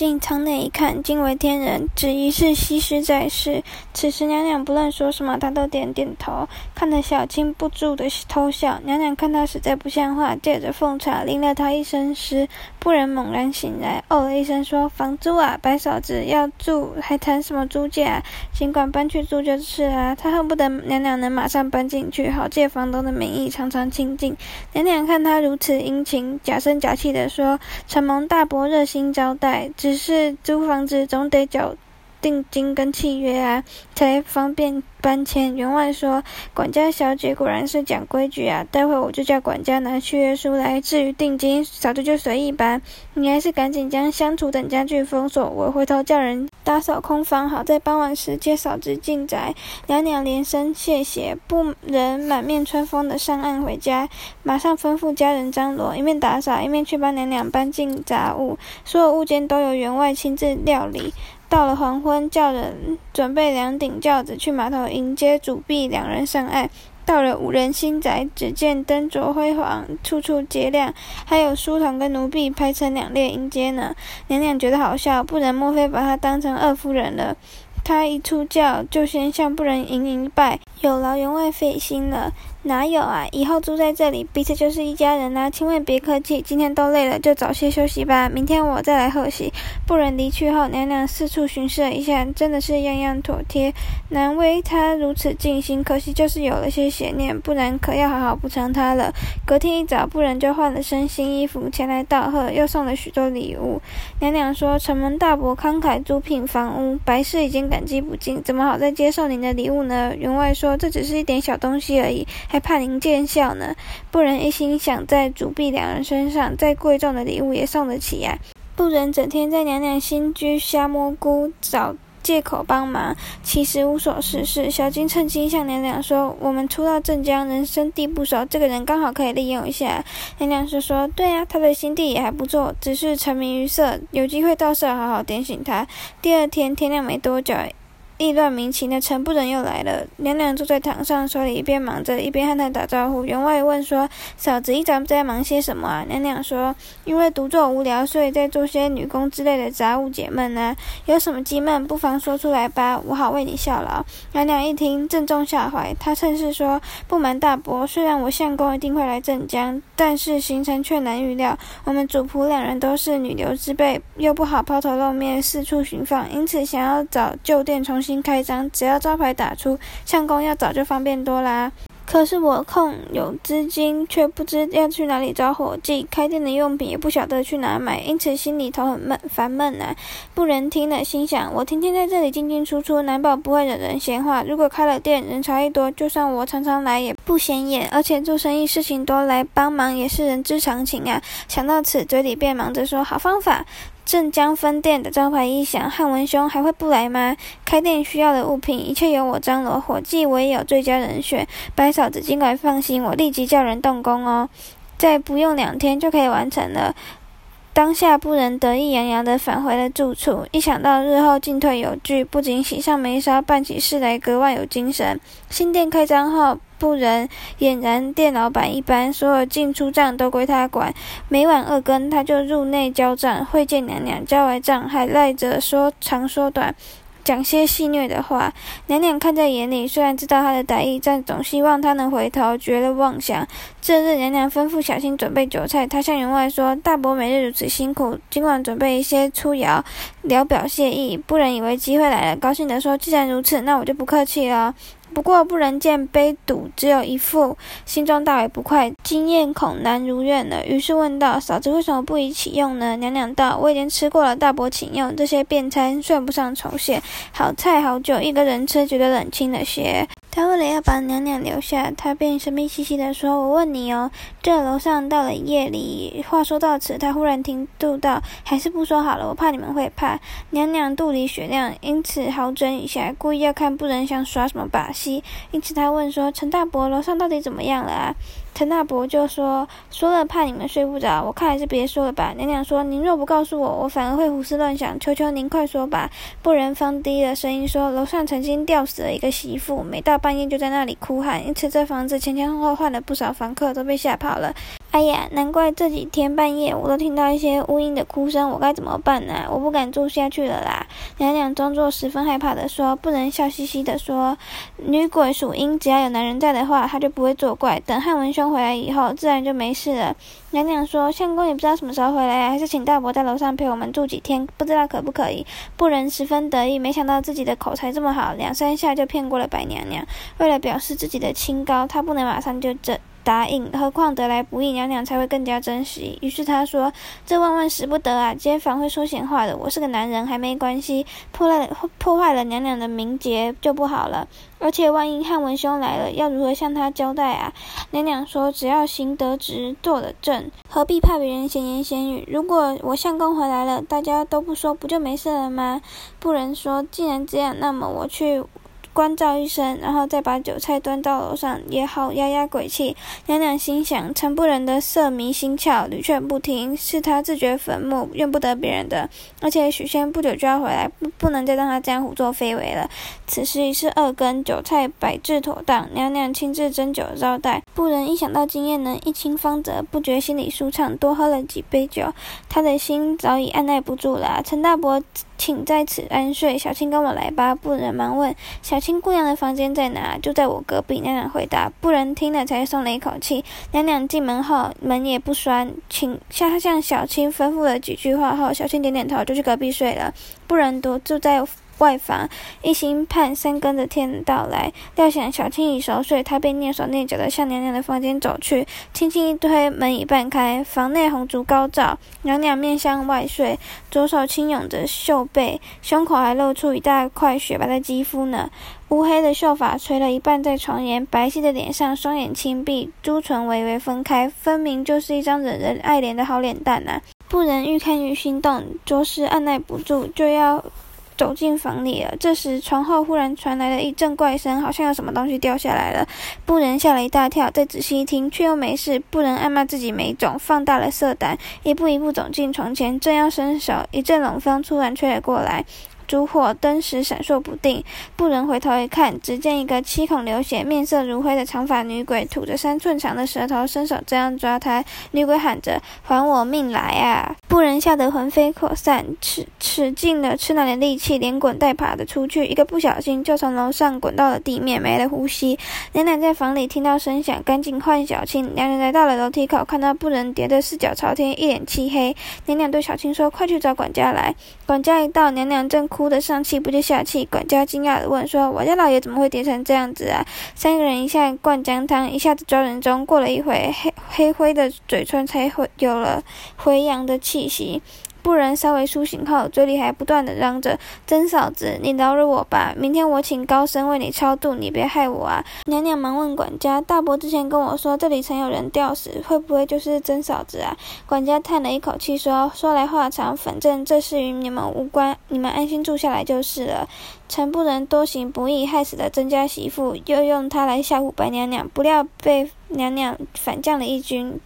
進艙內一看，驚為天人，只疑是西施在世。此時娘娘不論說什麼，她都點點頭，看得小青不住的偷笑。娘娘看她實在不像話，借着奉茶淋了她一身濕。不然猛然醒來，哦了一聲，說：“房租啊，白嫂子要住，還談什麼租價啊？儘管搬去住就是啊，他恨不得娘娘能馬上搬進去，好借房東的名義常常親近。娘娘看他如此殷勤，假聲假氣地說：“承蒙大伯熱心招待，只是租房子總得繳。”定金跟契約啊，才方便搬遷。員外說：“管家小姐果然是講規矩啊，待會我就叫管家拿契約書來。至於定金，嫂子就隨意搬。你還是趕緊將香燭等家具封鎖，我回頭叫人打掃空房，好在傍晚時接嫂子進宅。”娘娘連聲謝謝，本仁滿面春風的上岸回家，馬上吩咐家人張羅，一面打掃，一面去幫娘娘搬進雜物。所有物件都由員外親自料理。到了黃昏，叫人準備兩頂轎子去碼頭迎接主婢兩人上岸。到了五人新宅，只見燈燭輝煌，處處皆亮，還有書童跟奴婢排成兩列迎接呢。娘娘覺得好笑，不然莫非把她當成二夫人了？她一出轎，就先向本仁盈盈拜：“有勞員外費心了。”哪有啊！以後住在這裡，彼此就是一家人啦、啊。千萬別客氣，今天都累了，就早些休息吧。明天我再來賀喜。本仁離去後，娘娘四處巡視了一下，真的是樣樣妥帖，難為他如此盡心。可惜就是有了些邪念，不然可要好好補償他了。隔天一早，本仁就換了身新衣服前來道賀，又送了許多禮物。娘娘說：“承蒙大伯慷慨租賃房屋，白氏已經感激不盡，怎麼好再接受您的禮物呢？”員外說：“這只是一點小東西而已。”還怕您見笑呢，本仁一心想在主婢兩人身上，再貴重的禮物也送得起啊。本仁整天在娘娘新居瞎蘑菇，找借口幫忙，其實無所事事。小金趁機向娘娘說：“我們初到鎮江，人生地不熟，這個人剛好可以利用一下。”娘娘說：“說對啊，他的心地也還不錯，只是沉迷於色，有機會到時候好好點醒他。”第二天天亮沒多久。意亂情迷的陳本仁又來了。娘娘坐在堂上，手裡一邊忙着，一邊和她打招呼。員外問說：“嫂子一早不在忙些什麼啊？”娘娘說：“因為獨坐無聊，所以在做些女工之類的雜物解悶呢、啊。有什麼急悶，不妨說出來吧，我好為你效勞。”娘娘一聽，正中下懷。她趁勢說：“不瞞大伯，雖然我相公一定會來鎮江，但是行程卻難預料。我們主僕兩人都是女流之輩，又不好拋頭露面四處尋訪，因此想要找舊店重新。”新開張，只要招牌打出，相公要找就方便多啦。可是我空有資金，卻不知要去哪裡找夥計，開店的用品也不曉得去哪買，因此心裡頭很悶煩悶啊。本仁聽了，心想：我天天在這裡進進出出，難保不會惹人閒話。如果開了店，人潮一多，就算我常常來也。不顯眼，而且做生意事情多，來，來幫忙也是人之常情啊。想到此，嘴裡便忙着說：“好方法，鎮江分店的招牌一響，漢文兄還會不來嗎？”開店需要的物品，一切由我張羅。夥計，我也有最佳人選。白嫂子儘管放心，我立即叫人動工哦，再不用兩天就可以完成了。當下本仁得意洋洋的返回了住處，一想到日後進退有據，不僅喜上眉梢，辦起事來格外有精神。新店開張後。本仁，儼然店老板一般，所有進出賬都歸他管。每晚二更，他就入內交賬，會見娘娘，交完賬還賴着說長說短，講些戲謔的話。娘娘看在眼裡，雖然知道他的歹意，但總希望他能回頭，絕了妄想。這日，娘娘吩咐小青準備酒菜，她向員外說：“大伯每日如此辛苦，今晚準備一些粗餚，聊表謝意。”本仁以為機會來了，高興地說：“既然如此，那我就不客氣了，哦。”不過，不能見杯箸，只有一副，心中大為不快，今夜恐難如願了。於是問道：“嫂子為什麼不一起用呢？”娘娘道：“我已經吃過了，大伯請用。這些便餐算不上酬謝，好菜好酒，一個人吃覺得冷清了些。”他為了要把娘娘留下，他便神秘兮兮地說：“我問你哦，這樓上到了夜裡……話說到此，他忽然停住道，還是不說好了，我怕你們會怕。娘娘肚裡雪亮，因此好整以暇，故意要看，本仁想耍什麼把戲。因此他問說：陳大伯，樓上到底怎麼樣了啊？”陳大伯就說：“說了怕你們睡不着，我看還是別說了吧。”娘娘說：“您若不告訴我，我反而會胡思亂想。求求您快說吧。”本仁方低的聲音說：“樓上曾經弔死了一個媳婦，每到半夜就在那裡哭喊，因此這房子前前後後換了不少房客，都被嚇跑了。”哎呀，難怪這幾天半夜我都聽到一些烏音的哭聲，我該怎麼辦呢、啊？我不敢住下去了啦。”娘娘裝作十分害怕的說：“不能笑嘻嘻地說，女鬼屬陰，只要有男人在的話，她就不會作怪。”等漢文兄。回來以後自然就沒事了。娘娘說：“相公也不知道什麼時候回來啊，還是請大伯在樓上陪我們住幾天，不知道可不可以？”不仁十分得意，沒想到自己的口才這麼好，兩三下就騙過了白娘娘。為了表示自己的清高，她不能馬上就這。答應，何況，得來不易，娘娘才會更加珍惜。於是他說：“這萬萬使不得啊！街坊會說閒話的。我是個男人，還沒關係，破了破壞了娘娘的名節就不好了。而且萬一漢文兄來了，要如何向他交代啊？”娘娘說：“只要行得直，做得正，何必怕別人閒言閒語？如果我相公回來了，大家都不說，不就沒事了嗎？”本仁說：“既然這樣，那麼我去。”關照一聲，然後再把酒菜端到樓上，也好壓壓鬼氣。娘娘心想：陳本仁的色迷心竅，屢勸不聽，是他自掘墳墓，怨不得別人的。而且許仙不久就要回來，不，不能再讓他這樣胡作非為了。此時已是二更，酒菜擺置妥當，娘娘親自斟酒招待。本仁一想到今夜能一親芳澤，不覺心裡舒暢，多喝了幾杯酒。他的心早已按捺不住了啊。陳大伯，請在此安睡。小青，跟我來吧。本仁忙問小青。青姑娘的房間在哪？就在我隔壁。娘娘回答，本仁聽了才鬆了一口氣。娘娘進門後，門也不栓，請向小青吩咐了幾句話後，小青點點頭，就去隔壁睡了。本仁都住在。外房一心盼三更的天到來，料想小青已熟睡，他便躡手躡腳地向娘娘的房間走去。輕輕一推，門已半開，房內紅燭高照，娘娘面向外睡，左手輕擁着袖背，胸口還露出一大塊雪白的肌膚呢。烏黑的秀髮垂了一半在床沿，白皙的臉上，雙眼輕閉，朱唇微微分開，分明就是一張惹人愛憐的好臉蛋吶、啊。本仁愈看愈心動，着實按捺不住，就要。走進房裡了，這時床後忽然傳來了一陣怪聲，好像有什麼東西掉下來了。本仁嚇了一大跳，再仔細一聽，卻又沒事。本仁暗罵自己沒種，放大了色膽，一步一步走進床前，正要伸手，一陣冷風突然吹了過來。燭火燈時閃爍不定，本仁回頭一看，只見一個七孔流血、面色如灰的長髮女鬼，吐着三寸長的舌頭，伸手這樣抓他。女鬼喊着：“還我命來啊！”本仁嚇得魂飛魄散，使使盡了吃奶的力氣，連滾帶爬的出去，一個不小心就從樓上滾到了地面，沒了呼吸。娘娘在房裡聽到聲響，趕緊喚小青。兩人來到了樓梯口，看到本仁跌得四腳朝天，一臉漆黑。娘娘對小青說：“快去找管家來。”管家一到，娘娘正哭。哭得上氣不接下氣管，管家驚訝的問說：“說我家老爺怎麼會跌成這樣子啊？”三個人一下灌薑湯，一下子抓人中。過了一會，黑黑灰的嘴唇才會有了回陽的氣息。夫人稍微蘇醒後，嘴裡還不斷地嚷着：“曾嫂子，你饒了我吧！明天我請高僧為你超度，你別害我啊！”娘娘忙問管家：“大伯之前跟我說，這裡曾有人吊死，會不會就是曾嫂子啊？”管家嘆了一口氣說：“說來話長，反正這事與你們無關，你們安心住下來就是了。”陳夫人多行不義，害死了曾家媳婦，又用她來嚇唬白娘娘，不料被娘娘反將了一軍。